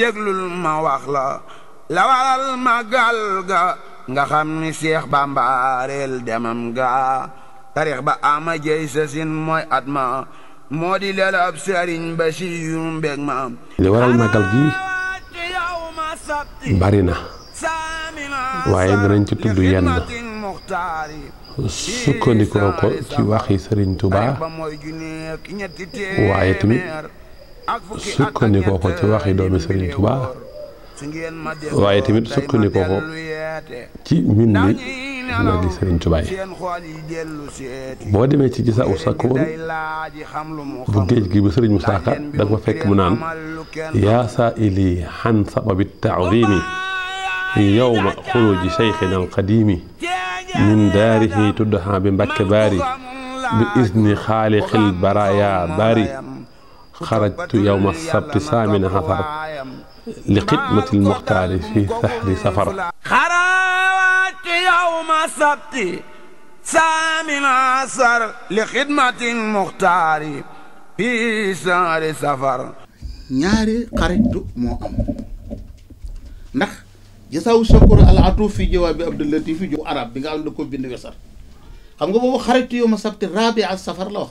déglul ma wax la la waral magal ga nga xam ni seex bàmbaareel demam ga tarix ba ama jey sa sin mooy at ma moo di leel ab sëriñ ba si yu mbég ma li waral magal gi bari na waaye danañ ci tudd yenn sukkandikoo ko ci waxi sëriñ Tuubaa waaye tamit sukkandikoo ko ci waxi doomi Sëriñ Tuubaa waaye tamit sukkandikoo ko ci mbindi nag yi Sëriñ Tuubaa yi boo demee ci gisa u sakkoon bu géej gi bu Sëriñ Musaa Ka da nga fekk mu naan yaa saa ili xan sababi taadimi yowma xuruji cheikhina alqadimi min daarihi tuddaha bi mbakke baari bi isni xaaliqil baraya baari خرجت يوم السبت ثامن هفر لخدمة المختار في سحر سفر خرجت يوم السبت ثامن عصر لخدمة المختار في سحر سفر نياري قريت مؤم نخ يساو شكر العطوف في جواب عبد اللطيف جو عرب بيغال دكو بند يسر خمغو خرجت يوم السبت رابع السفر لوخ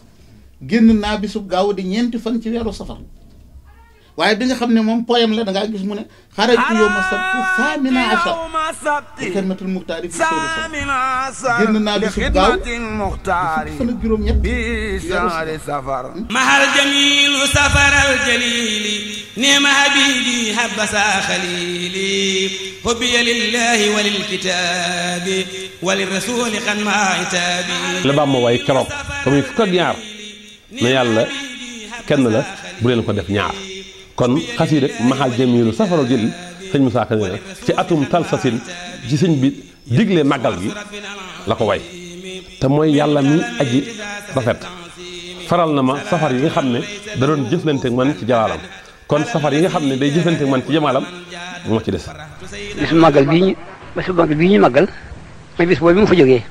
génn naa bisub gaaw di ñeenti fan ci weeru safar waaye bi nga xam ne moom poème la da ngaa gis mu ne xaraju ma sabti saamina asar kalimatul muxtaari fi safar génn naa bisub gaaw di fan ak juróom ñett weeru safar mahal jamil safar al jalil jalili ma habibi habba hubbi lillahi habasa xalili حبي لله وللكتاب وللرسول قد ما عتابي لبام واي كرب كم يفكر يعرف na yàlla kenn la bu leen ko def ñaar kon xasida maxal jamilu safaro jël sëñ Moussa Ka nee na ci atum talsasin ci sëñ bi digle màggal gi la ko way te mooy yàlla mi aji rafet faral na ma safar yi nga xam ne da doon jëflante man ci jalaalam kon safar yi nga xam ne day jëflante man ci jamaalam moo ci des bisu màggal bii ñu bisu màggal bii ñu màggal mooy bis boobu bi mu fa jógee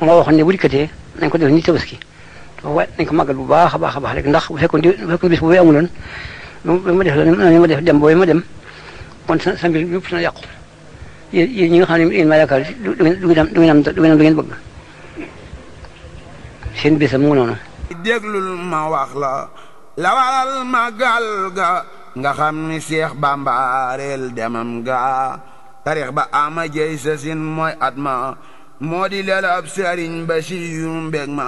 moo waxoon ne bu dikkatee nañ ko def ni tabaski waaye nañ ko màggal bu baax a baax a baax rek ndax bu fekkoon di bu fekkoon bis bu ma def la ni ma def dem ma dem kon sa sa ñi nga xam ne du du ngeen am du ngeen am du ngeen la la waral magal ga nga xam ni Seex Bàmbaareel demam ga tarix ba ama jey sa sin mooy at ma moo di leel ab ba si yu ma